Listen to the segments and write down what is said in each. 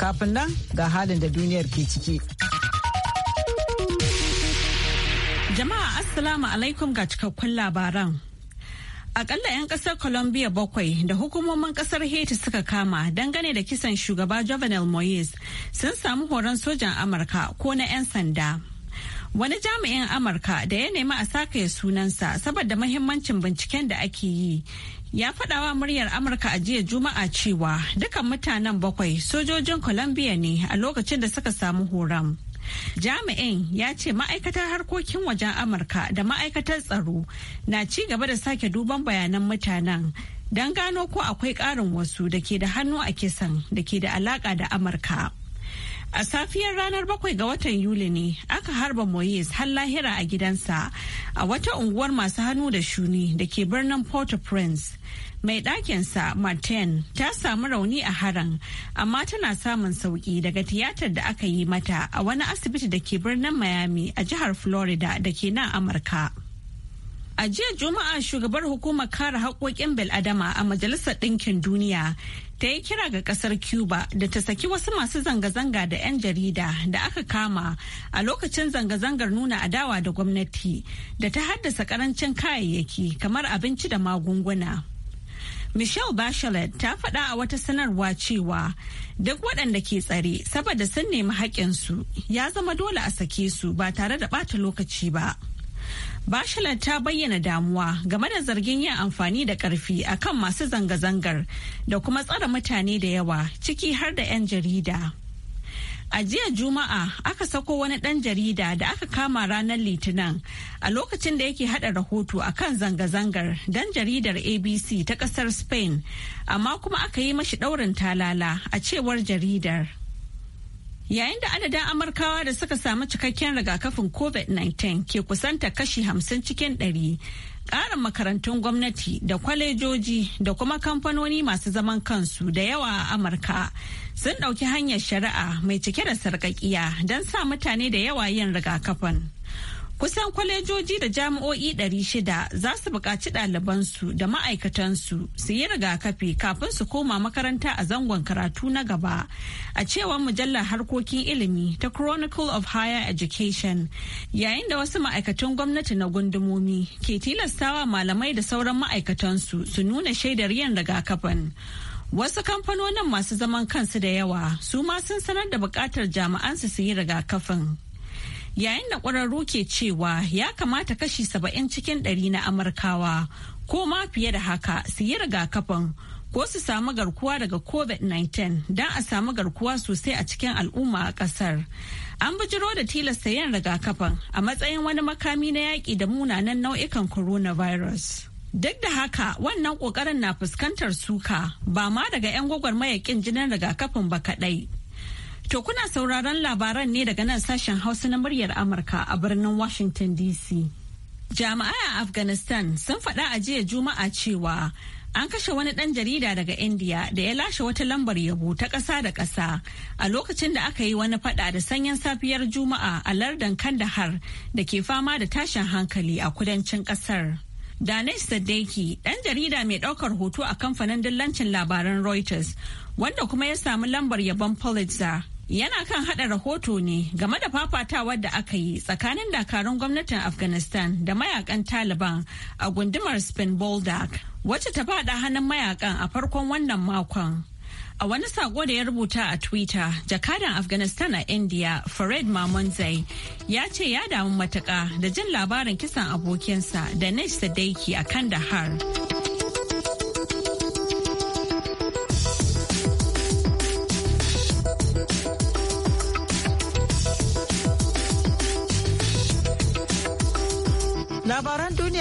Kafin nan ga halin da duniyar ke ciki. Jama'a Assalamu alaikum ga cikakkun labaran. Akalla 'yan kasar Colombia bakwai da hukumomin kasar Haiti suka kama dangane da kisan shugaba Jovenel Moise sun samu horon sojan Amurka ko na 'yan sanda. Wani jami'in Amurka da ya nemi a sake sunansa saboda mahimmancin binciken da ake yi ya faɗawa muryar amurka a jiya juma'a cewa dukan mutanen bakwai sojojin colombia ne a lokacin da suka samu horon jami'in ya ce ma'aikatar harkokin wajen amurka da ma'aikatar tsaro na ci gaba da sake duban bayanan mutanen don gano ko akwai ƙarin wasu da ke da hannu a kisan da ke da alaƙa da amurka A safiyar ranar bakwai ga watan Yuli ne aka harba Moyes har lahira a gidansa a wata unguwar masu hannu da shuni da ke birnin Port-au-Prince. Mai ɗakinsa Martin ta samu rauni a haran amma tana samun sauƙi daga tiyatar da aka yi mata a wani asibiti da ke birnin Miami a jihar Florida da ke nan Amurka. A jiya Juma'a shugabar hukumar kare haƙoƙin adama a Majalisar Ɗinkin Duniya ta yi kira ga ƙasar Cuba da ta saki wasu masu zanga-zanga da 'yan jarida da aka kama a lokacin zanga-zangar nuna adawa da gwamnati da ta haddasa ƙarancin kayayyaki kamar abinci da magunguna. Michelle Bachelet ta faɗa a wata sanarwa cewa duk waɗanda ke tsare saboda sun nemi haƙƙinsu ya zama dole a sake su ba tare da ɓata lokaci ba. Bashalar ta bayyana damuwa game da zargin yin amfani da karfi akan masu zanga-zangar da kuma tsara mutane da yawa ciki har da 'yan jarida. A jiya Juma'a aka sako wani ɗan jarida da aka kama ranar Litinin a lokacin da yake haɗa rahoto a kan zanga-zangar dan jaridar ABC ta ƙasar Spain, amma kuma aka yi mashi ɗaurin talala a cewar jaridar. Yayin da adadin Amurkawa da suka samu cikakken rigakafin COVID-19 ke kusanta kashi hamsin cikin ɗari, ƙarin makarantun gwamnati da kwalejoji da kuma kamfanoni masu zaman kansu da yawa a Amurka sun ɗauki hanyar shari'a mai cike da sarƙaƙiya don sa mutane da yawa yin rigakafin. Kusan kwalejoji da jami'o'i 600 za su buƙaci ɗalibansu da ma'aikatansu su yi rigakafi kafin su koma makaranta a zangon karatu na gaba. A cewar mujallar harkokin ilimi ta Chronicle of Higher Education, yayin da wasu ma'aikatan gwamnati na gundumomi ke tilastawa malamai da sauran ma'aikatansu su nuna shaidar yin rigakafin. Wasu kamfanonin masu zaman kansu da yawa su ma sun sanar da buƙatar jami'ansu su yi rigakafin yayin da ƙwararru ke cewa ya kamata kashi saba'in cikin ɗari na amurkawa ko ma fiye da haka su yi rigakafin ko su samu garkuwa daga covid-19 don a samu garkuwa sosai a cikin al'umma a ƙasar. an bijiro da tilasta yin rigakafin a matsayin wani makami na yaƙi da munanan nau'ikan coronavirus duk da haka wannan ƙoƙarin na fuskantar suka ba ma daga 'yan gwagwarmaya ƙin jinin rigakafin ba kaɗai To kuna sauraron labaran ne daga nan sashen Hausa na muryar Amurka a birnin Washington DC. Jami'ai a Afghanistan sun faɗa a jiya Juma'a cewa an kashe wani ɗan jarida daga India da ya lashe wata lambar yabo ta ƙasa da ƙasa a lokacin da aka yi wani faɗa da sanyin safiyar Juma'a a lardan Kandahar da ke fama da tashin hankali a kudancin ƙasar. Danish Sadeki, ɗan jarida mai ɗaukar hoto a kamfanin dillancin labaran Reuters, wanda kuma ya samu lambar yabon Pulitzer, yana kan hada rahoto ne game da fafatawar da aka yi tsakanin dakarun gwamnatin afghanistan da mayakan taliban a gundumar spin boldak wacce ta fada hannun mayakan a farkon wannan makon a wani sako da ya rubuta a twitter jakadan afghanistan a india Fred mamunzai ya ce ya damu matuka da jin labarin kisan abokinsa da nish sadaiki a kandahar.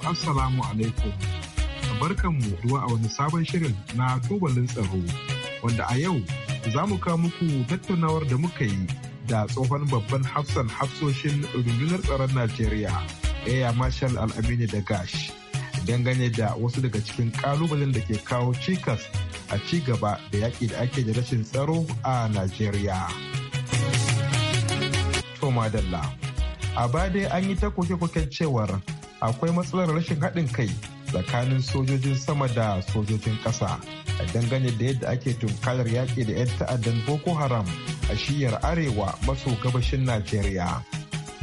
Assalamu alaikum. Barkanmu duwa a wani sabon shirin na tubalin tsaro wanda a yau za mu kawo muku tattaunawar da muka yi da tsohon babban hafsan hafsoshin rundunar tsaron Najeriya, Air Marshal Al-Aminu da Gash. dangane da wasu daga cikin kalubalen da ke kawo cikas a ci gaba da yaƙi da ake da rashin tsaro a Najeriya. Toma Dalla. A dai an yi ta koke-koken cewar akwai matsalar rashin haɗin kai tsakanin sojojin sama da sojojin ƙasa a dangane da yadda ake tunkarar yaƙi da 'yan ta'addan boko haram a shiyar arewa maso gabashin najeriya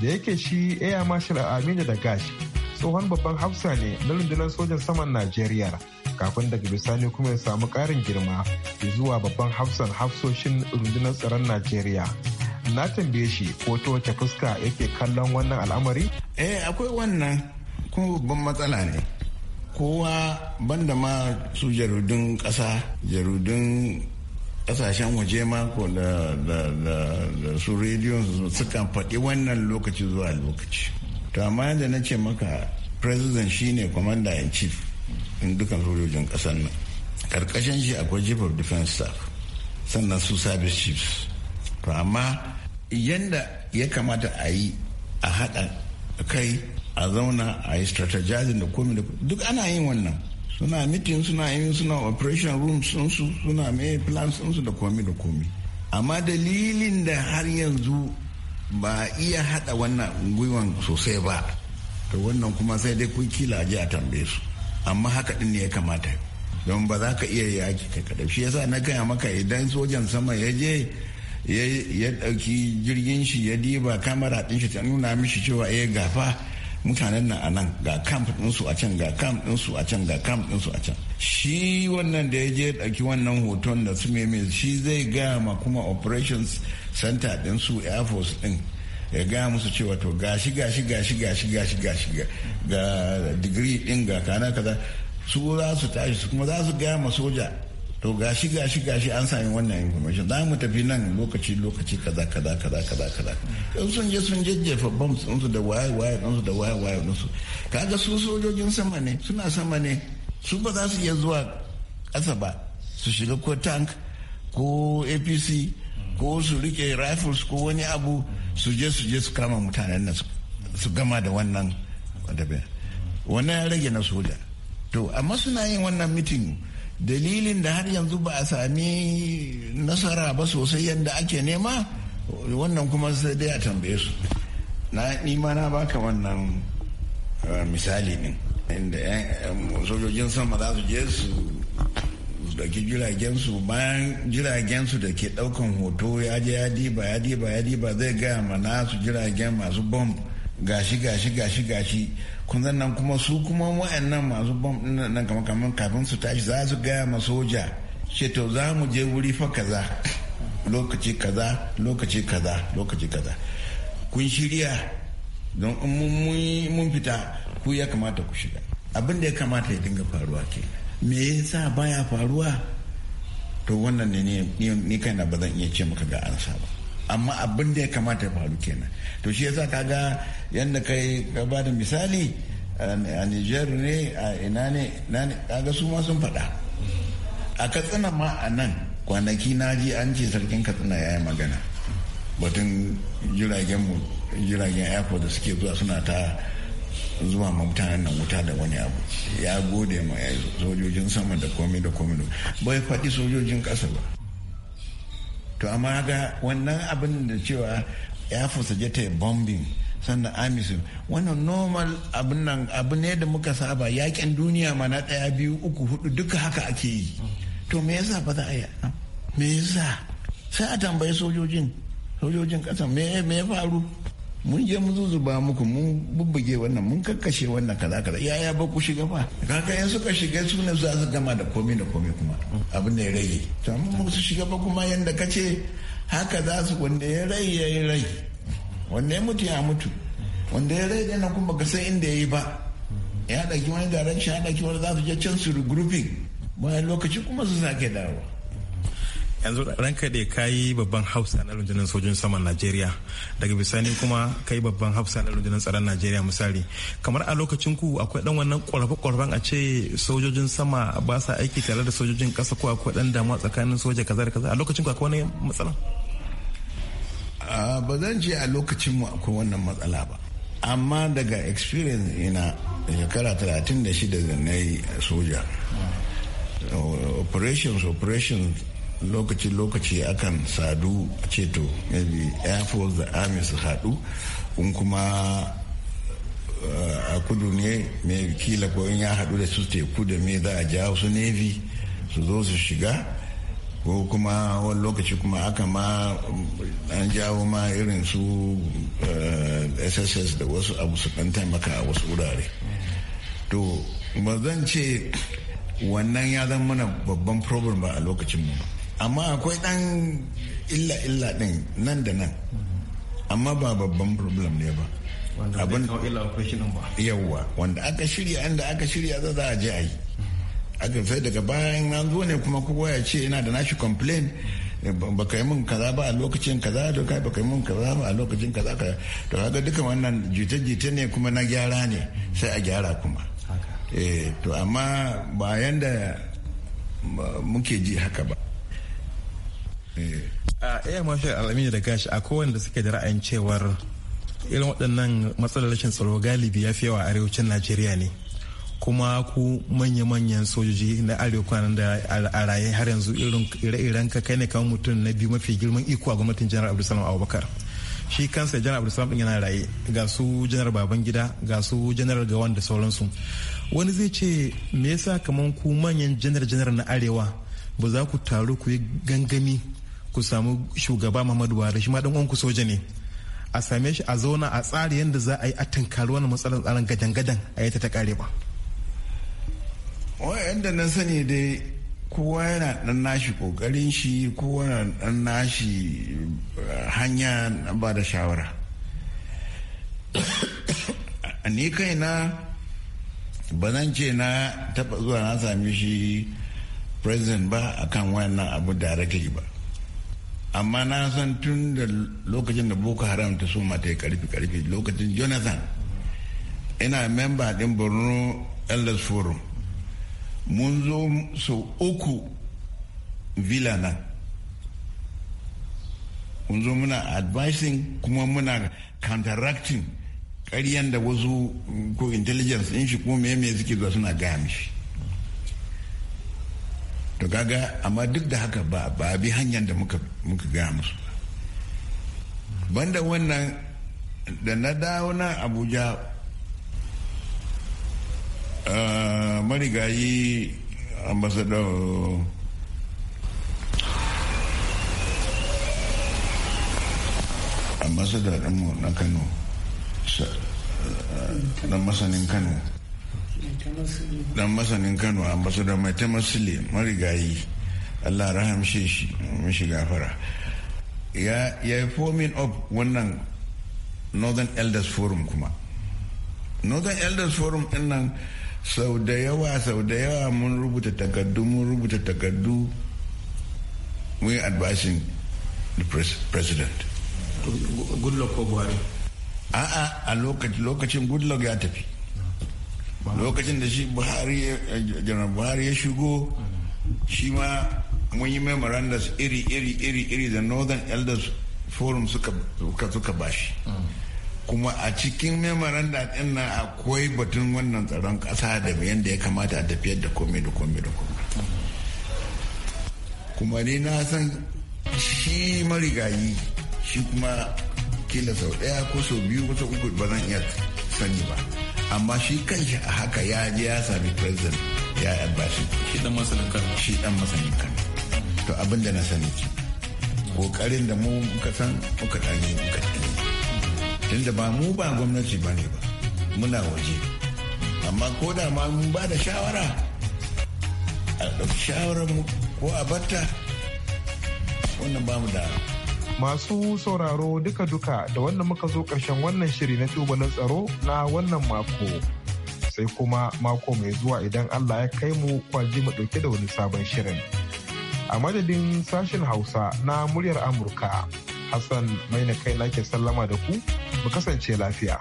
da yake shi air marshal aminu da gash tsohon babban hafsa ne na rundunar sojan saman najeriya kafin daga bisani kuma ya samu ƙarin girma zuwa babban hafsan hafsoshin rundunar tsaron najeriya na tambaye shi ko ta wace fuska yake kallon wannan al'amari eh akwai wannan kuma babban matsala ne kowa banda ma su jarudun ƙasa jarudun ƙasashen waje ma ko da su rediyon su sukan faɗi wannan lokaci zuwa lokaci to amma yadda na ce maka president shine commander in chief in dukkan sojojin ƙasar nan ƙarƙashin shi akwai chief of defense staff sannan su service chiefs to amma yadda ya kamata a yi a haɗa kai a zauna a yi strategizin da komi da duk ana yin wannan suna mitin suna yin suna operation room su suna mai plan su da komi da komi amma dalilin da har yanzu ba iya hada wannan gwiwan sosai ba to wannan kuma sai dai kun kila a a tambaye su amma haka din ne ya kamata don ba za ka iya yaki kai kada shi yasa na gaya maka idan sojan sama ya je ya dauki jirgin shi ya diba kamara din shi ta nuna mishi cewa eh gafa mutanen na a nan ga camp ɗinsu a can ga camp ɗinsu a can ga camp ɗinsu a can shi wannan da ya je ɗauki wannan hoton da su meme shi zai gaya ma kuma operations center ɗinsu air force ɗin ya gaya musu cewa to gashi gashi gashi gashi gashi gashi ga digiri ɗin ga kana kaza su za su tashi su kuma za su gaya ma soja to gashi gashi gashi an sami wannan information za mu tafi nan lokaci lokaci kaza kaza kaza kaza kaza in sun je sun jejjefa bombs su da waye waye su da waye waye ɗinsu kaga su sojojin sama ne suna sama ne su ba za su iya zuwa ƙasa ba su shiga ko tank ko apc ko su rike rifles ko wani abu su je su je su kama mutanen nan su gama da wannan wannan ya rage na soja to amma suna yin wannan mitin dalilin da har yanzu ba a sami nasara ba sosai yadda ake nema wannan kuma sai dai a tambaye su na nima na baka wannan eh, misali ne. inda sojojin sama za su je su daki jiragen su bayan jiragen su da ke daukan hoto ya je ya diba ya diba ya diba zai gaya ma su jiragen masu bomb gashi gashi gashi gashi kun nan kuma su kuma wa'annan masu bom nan kamar kamar kafin su tashi za su gaya ma soja ce to za mu je wuri fa kaza lokaci kaza lokaci kaza lokaci kaza kun shirya don mun fita ku ya kamata ku shiga abin da ya kamata ya dinga faruwa ke me yasa baya faruwa to wannan ne ni kaina ba zan iya ce maka ga ansa ba amma abin da ya kamata ya faru kenan to shi yasa kaga yadda kai ka ba da misali a niger ne a ina ne kaga su ma sun faɗa a katsina ma a nan kwanaki na ji an ce sarkin katsina ya yi magana batun jiragen mu jiragen airport da suke zuwa suna ta zuwa ma mutanen nan wuta da wani abu ya gode ma ya yi sojojin sama da komai da komai bai faɗi sojojin ƙasa ba to amma ga wannan abin da cewa ya fusaje ta bombing sannan amisu wannan normal abin nan abu ne da muka saba yakin duniya ma na daya biyu uku hudu duka haka ake yi to me yasa ba za a yi me yasa sai a tambayi sojojin sojojin kasa me ya faru mun je mu zuzuba muku mun bubbuge wannan mun kakkashe wannan kaza kaza yaya ba ku shiga ba kaga yan suka shiga su ne za su gama da komai da komai kuma abin da ya rage to amma ba su shiga ba kuma yanda kace haka za su wanda ya rai ya yi rai wanda ya mutu ya mutu wanda ya rai dana kuma ga san inda ya yi ba ya daki wani garanci ya daki wani za su je can su regrouping bayan lokaci kuma su sake dawowa yanzu ranka da ka yi babban hausa na rundunar sojin saman najeriya daga bisani kuma ka yi babban hausa na rundunar tsaron najeriya misali kamar a lokacin ku akwai dan wannan kwarfe-kwarfen a ce sojojin sama ba sa aiki tare da sojojin kasa ko akwai dan damuwa tsakanin soja kaza da kaza a lokacin ku akwai wani matsala ba zan ce a lokacin mu akwai wannan matsala ba amma daga experience ina shekara 36 da na yi soja hmm. operations operations lokaci-lokaci akan sadu ceto maybe air force da army su haɗu in kuma eh, a kudu ne mai kila ko in ya haɗu da su teku da me za a jawo su navy su zo su shiga ko kuma wani lokaci kuma aka ma an jawo ma irin su sss eh, da wasu abu su ɗan taimaka a wasu wurare to ba zan ce wannan ya zama mana babban problem ba a lokacin mu amma akwai dan illa illa din nan da nan amma ba babban problem ne ba abin yawwa wanda aka shirya inda aka shirya za a je a yi aka sai daga bayan an zo ne kuma kowa ya ce yana da nashi complain eh, ba kai mun kaza ba a lokacin kaza da kai ba ka mun kaza ba a lokacin kaza ka to kaga duka wannan jita-jita ne kuma na gyara ne sai a gyara kuma eh to amma ba yanda muke ji haka ba a eh, iya eh, mashi alamin da gashi a kowanne da suke da ra'ayin cewar irin waɗannan matsalar rashin tsaro galibi ya fi yawa arewacin najeriya ne kuma ku manya-manyan sojoji na arewa da a raye har yanzu irin ire-iren ka kai ne kamar mutum na biyu mafi girman iko a gwamnatin janar abdulsalam abubakar shi kansa janar abdulsalam din yana raye ga su janar babangida ga su janar gawan da sauransu wani zai ce me yasa kaman ku manyan janar janar na arewa ba za ku taru ku yi gangami ku samu shugaba Muhammadu Buhari shi ma dan uwanku soja ne a same shi a zauna a tsari yadda za a yi a tunkari wani matsalar tsarin gadan-gadan a yi ta ta kare ba. Wa'yanda na sani dai kowa yana dan nashi kokarin shi kowa yana dan nashi eh, hanya na ba da shawara. Ni kai na ba zan ce na taba zuwa na sami shi president ba akan wayannan abu da ba. amma na san tun da lokacin da boko haram ta soma ta yi karfi karfi lokacin jonathan ina memba din borno elders forum mun zo sau uku villa na mun zo muna advising kuma muna counteracting karyan da wasu ko intelligence in shi ko me me suke zuwa suna gaya mishi to gaga amma duk da haka ba ba bi hanyar da muka muka gaya musu ba banda wannan da na dawo na abuja eh, marigayi ambassador ambassador ɗinmu na kano eh, na masanin kano dan masanin kano ambassador mai tamasile marigayi allah raham shi mishi gafara ya yi forming up wannan northern elders forum kuma northern elders forum din nan sau da yawa sau da yawa mun rubuta takardu mun rubuta takardu mun yi advising the president goodluck ko buhari a'a a lokacin goodluck ya tafi lokacin da shi buhari janar eh, buhari ya shigo shi ma mun yi memorandus iri iri iri iri da northern elders forum suka suka bashi kuma a cikin memoranda din nan akwai batun wannan tsaron kasa da yadda ya kamata a tafiyar da komai da komai da komai kuma ne na san shi marigayi shi kuma kila sau ɗaya ko sau biyu ko sau uku ba zan iya sani ba amma shi kanshi a haka ya je ya sami president ya bashi shi dan masanin kan shi dan masanin kan to abin da na sani ki kokarin da mu muka san muka dani muka dani tunda ba mu ba gwamnati ba ne ba muna waje amma ko da ma mun ba da shawara a ɗauki shawarar mu ko a batta wannan ba mu da Masu sauraro duka-duka da wannan muka zo ƙarshen wannan shiri na na tsaro na wannan mako. Sai kuma mako mai zuwa idan Allah ya kai mu kwaji mu ɗauke da wani sabon shirin. A madadin sashen Hausa na muryar Amurka, Hassan mai na kai nake sallama da ku, mu kasance lafiya.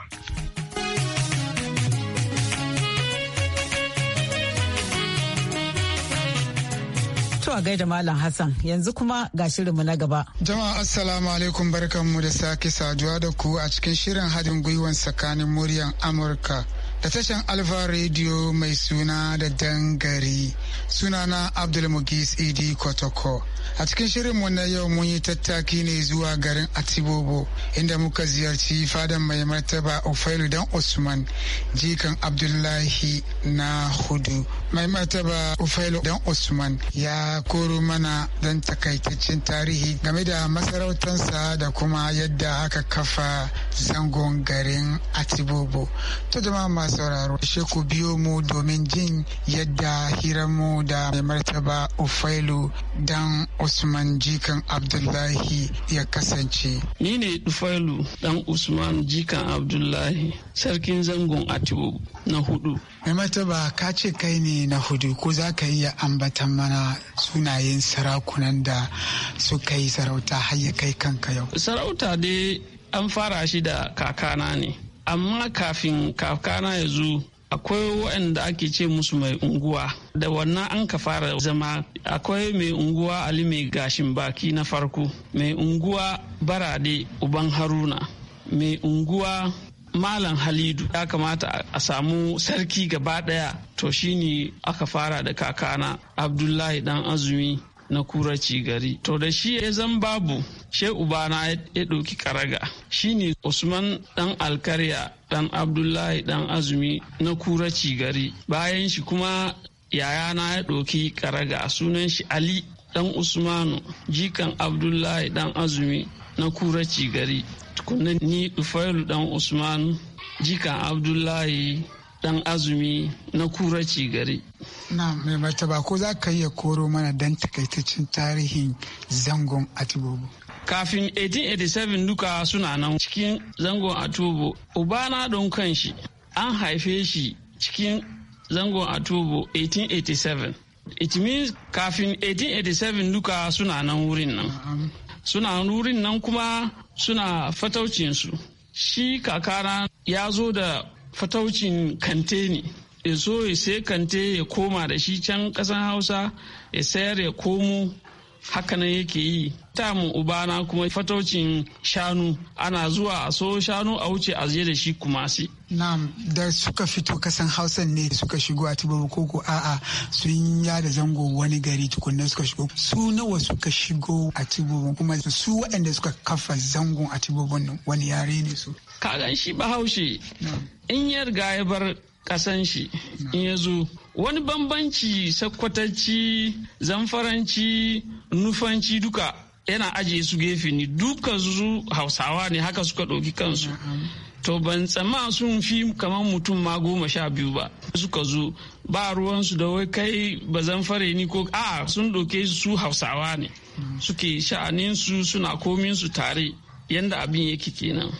a gaida Malam Hassan yanzu kuma ga shirinmu na gaba. Jama'a Assalamu alaikum barkanmu da sake saduwa da ku a cikin shirin haɗin gwiwan tsakanin muryan Amurka da tashan alfa radio mai suna da dangari sunana abdulmugis idi kotoko a cikin shirin mu na yau mun yi tattaki ne zuwa garin atibobo inda muka ziyarci fadan mai martaba ofailu dan usman jikan abdullahi na hudu mai martaba ofailu dan usman ya koro mana don takaitaccen tarihi game da masarautarsa da kuma yadda aka kafa zangon garin atibobo to jama'a sauraro ku biyo mu domin jin yadda mu da mai martaba Ufailu dan Usman Jikan Abdullahi ya kasance. Ni ne Ufailu dan Usman Jikan Abdullahi sarkin zangon Atibu na hudu. Mai martaba ka ce kai ne na hudu ko za ka iya ambatan mana sunayen sarakunan da suka yi sarauta har ya kai kanka yau. Sarauta dai an fara shi da kakana ne. amma kafin kakana ya zo akwai waɗanda ake ce musu mai unguwa da wannan an ka fara zama akwai mai unguwa ali mai gashin baki na farko mai unguwa barade uban haruna mai unguwa malam halidu ya kamata a samu sarki gaba daya to shine aka fara da kakana abdullahi dan azumi na kuraci gari to da shi ya zan babu she ubana ya ɗauki karaga shine usman dan alkarya dan abdullahi dan azumi na kura gari bayan shi kuma yayana ya ɗauki karaga sunan shi ali dan usmanu jikan abdullahi dan azumi na kura cigari tukunan ni dufailu dan usman jikan abdullahi dan azumi na kura gari na mai mataba ko za ka iya koro mana dan takaitaccen tarihin zangon atibobu kafin 1887 duka suna nan cikin zangon atubo ubana don kanshi an haife shi cikin zangon atubo 1887 it means kafin 1887 duka suna nan wurin nan suna wurin nan kuma suna fataucinsu shi kakana ya zo da fataucin kante ne ya zo ya sai kante ya koma da shi can kasan hausa ya sayar ya komo hakanan yake yi mu ubana kuma fatocin shanu ana zuwa a so shanu a wuce a da shi si. Na'am da suka fito kasan Hausan ne suka shigo a tubabu koko a'a sun ya da zango wani gari tukunna suka shigo su nawa suka shigo a tubabu kuma su waɗanda suka kafa zangon a tubabun wani yare ne su. ka gan shi bahaushe in ya riga ya bar kasan shi in ya zo wani bambanci sakwatacci zamfaranci nufanci duka yana ajiye su gefe ni duka su hausawa ne haka suka ɗauki kansu to ban tsama sun fi kamar mutum ma goma sha biyu ba suka zo ba ruwansu da wai kai ba zamfare ni ko a sun ɗauke su hausawa ne suke sha'aninsu suna kominsu tare yanda abin yake kenan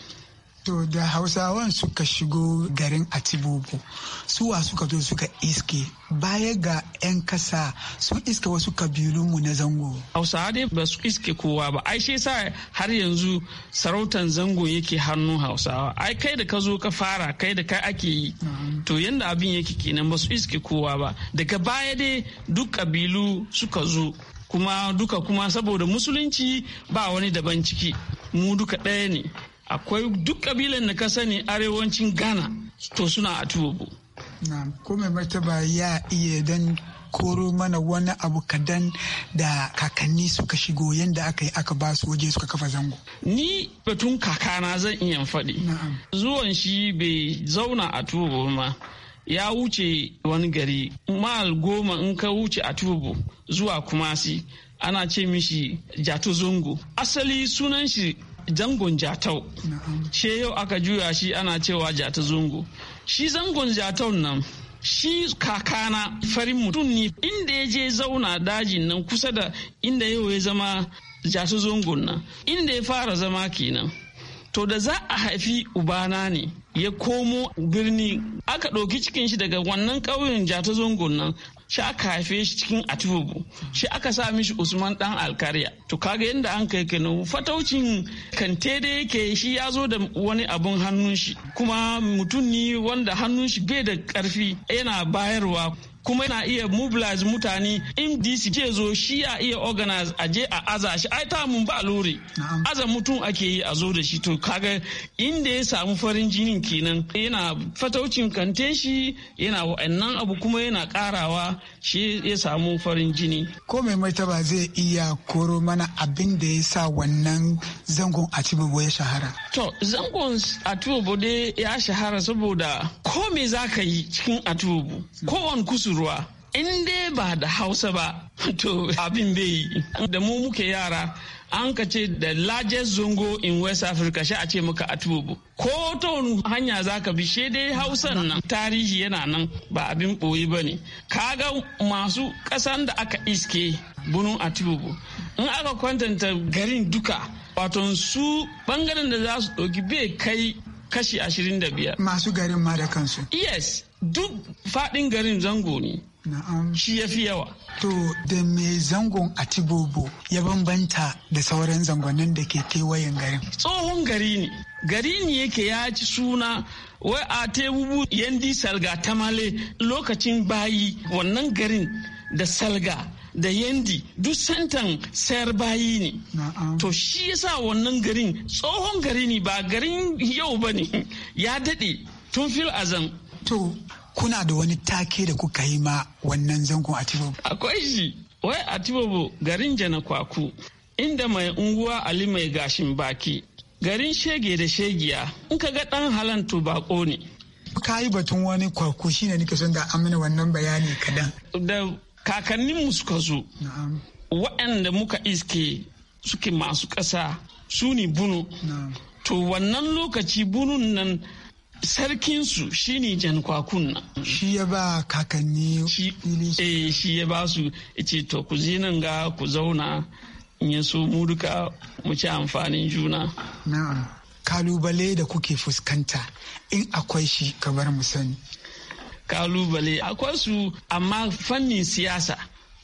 to da hausawan suka shigo garin atibubu suwa suka zo suka iske baya ga 'yan kasa sun iske wasu kabilunmu na zango hausawa dai ba su iske kowa ba ai shi sa har yanzu sarautan zango yake hannu hausawa ai kai da ka zo ka fara kai da kai ake yi mm-hmm. to yanda abin yake kenan ba su iske kowa ba daga baya dai duk kabilu suka zo kuma duka kuma saboda musulunci ba wani daban ciki mu duka ɗaya ne akwai duk kabilan da ka sani arewacin ghana to suna a tubu kome martaba ya iya don koro mana wani abu kadan da kakanni suka shigo yadda aka yi aka ba su waje suka kafa zango. Ni batun kakana zan iya faɗi. Zuwan shi bai zauna a tubo ma. Ya wuce wani gari, mal goma in ka wuce a tubo zuwa kumasi ana ce mishi jato zongo. Asali sunan shi zangon jatau she yau aka juya shi ana cewa jata zungu shi zangon jatau nan shi kakana farin mutum ne inda ya je zauna dajin nan kusa da inda yau ya zama jata zungun nan inda ya fara zama kenan to da za a haifi ubana ne ya komo birni aka ɗauki cikin shi daga wannan ƙauyen jata zungun nan shi aka haife shi cikin atubu shi aka sa mishi usman dan alkariya to kaga yadda an kai fataucin kante da yake shi ya zo da wani abun hannun shi kuma mutum ne wanda hannun shi bai da karfi yana bayarwa kuma yana iya mobilize mutane in dc ke zo shi ya iya organize a je a aza shi ai ta mun ba lori aza mutum ake yi a zo da shi to kaga inda ya samu farin jinin kenan yana fataucin kanten shi yana wa'annan abu kuma yana karawa shi ya samu farin jini ko mai martaba zai iya koro mana abin da ya sa wannan zangon atibobo ya shahara to zangon atibobo dai ya shahara saboda ko me za ka yi cikin atibobo kowane kusu ruwa in dai ba da hausa ba to abin bai yi da mu muke yara an ka ce da largest zongo in west africa sha a ce a atubu ko ta wani hanya za ka bi shi dai hausan nan tarihi yana nan ba abin ɓoyi ba ne kaga masu ƙasan da aka iske bunun atubu in aka kwantanta garin duka wato su bangaren da za su ɗauki bai kai kashi ashirin da biyar. Masu garin ma da kansu. Yes, duk faɗin garin zango ne. Na'am. Shi ya fi yawa. To, da me zangon a Atibobo ya bambanta da sauran zangonin da ke kewayen garin? Tsohon gari ne. Gari ne yake ya ci suna wai a tebubu yandi salga tamale lokacin bayi wannan garin da salga da yandi duk santan sayar bayi ne to shi yasa wannan garin tsohon gari ne ba garin yau ba ne ya daɗe tun fil azam to kuna da wani take da kuka yi ma wannan zangon atibobo akwai shi wai tibobo garin jana kwaku inda mai unguwa ali mai gashin baki garin shege da shegiya in ka ga ɗan halantu bako ne ka yi batun wani kwarko shine nike son da amina wannan bayani kadan da kakanninmu suka zo waɗanda muka iske suke masu ƙasa su ne bunu to wannan lokaci bunun nan sarkinsu shi ne jankwakun nan shi ya ba kakanni shi eh, ya ba su ce to ku nan ga ku zauna in ya so mu duka mu ci amfanin juna kalubale da kuke fuskanta in akwai shi ka bar mu sani kalubale akwai su amma fannin siyasa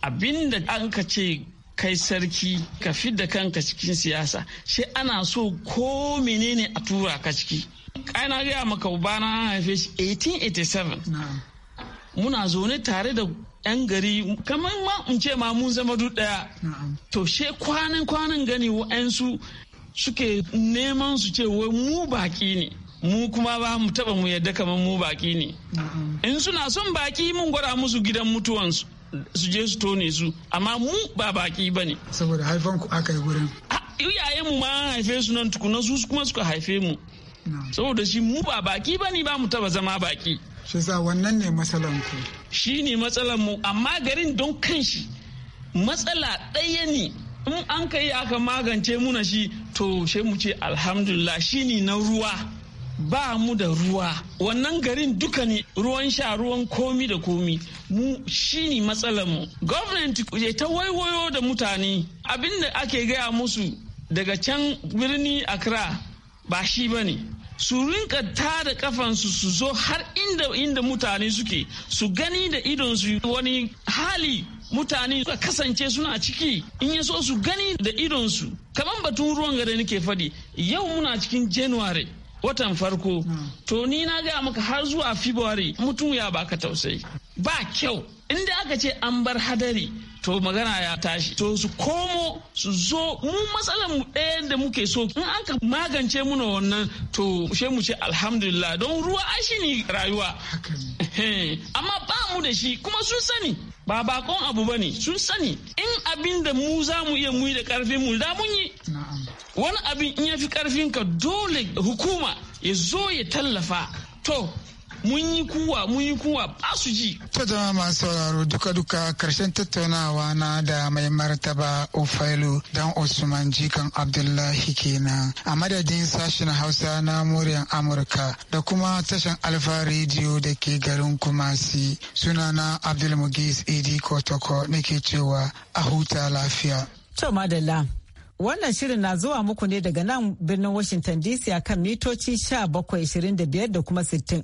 abinda an ka ce kai sarki ka da kanka cikin siyasa shi ana so ko menene a tura ka ciki kai gaya maka bana haife shi 1887 muna zaune tare da yan gari kamar ma in ce ma mun zama duk daya to she kwanan kwanan gani wa'ansu suke neman su ce wai mu baki ne mu kuma ba mu taba mu yadda kamar mu baki ne mm-hmm. in suna son baki mun gwada musu gidan mutuwansu su je su tone su amma mu ba baki ba ne saboda haifan ku aka yi gurin iyaye mu ma haife su nan tukuna su kuma suka haife mu saboda shi mu ba baki ba ne ba mu taba zama baki shi sa wannan ne matsalan ku shi ne matsalan mu amma garin don kanshi matsala ɗaya ne in an kai aka magance muna shi to she mu ce alhamdulillah shi ne na ruwa ba mu da ruwa wannan garin duka ne ruwan sha ruwan komi da komi mu shine matsalar mu gwamnati je ta waiwayo da mutane abinda ake gaya musu daga can birni accra ba shi ba ne su rinka da kafansu su zo har inda inda mutane suke su gani da idonsu wani hali mutane suka kasance suna ciki in ya so su gani da idonsu kamar batun ruwan gare nake faɗi yau muna cikin january watan farko to ni na gaya maka har zuwa february mutum ya baka tausayi ba kyau inda aka ce an bar hadari to magana ya tashi to su komo su zo mu matsalar mu ɗaya da muke so in an ka magance muna wannan to she mu ce alhamdulillah don ruwa ashi ne rayuwa eh, amma ba mu da shi kuma sun sani ba bakon abu ba ne sun sani in abin da mu za mu iya muyi da karfin mu da mun yi wani abin in ya fi karfin ka dole hukuma ya zo ya tallafa to mun yi kuwa mun yi kuwa ba su ji. Ta jama'a masu sauraro duka duka karshen tattaunawa na da mai martaba Ofailu dan Usman Jikan Abdullahi kenan a madadin sashen Hausa na muryar Amurka da kuma tashan Alfa rediyo da ke garin Kumasi suna na abdulmugis Idi Kotoko nake cewa a huta lafiya. To madalla Wannan shirin na zuwa muku ne daga nan birnin Washington DC a kan mitoci 1725 da kuma 60.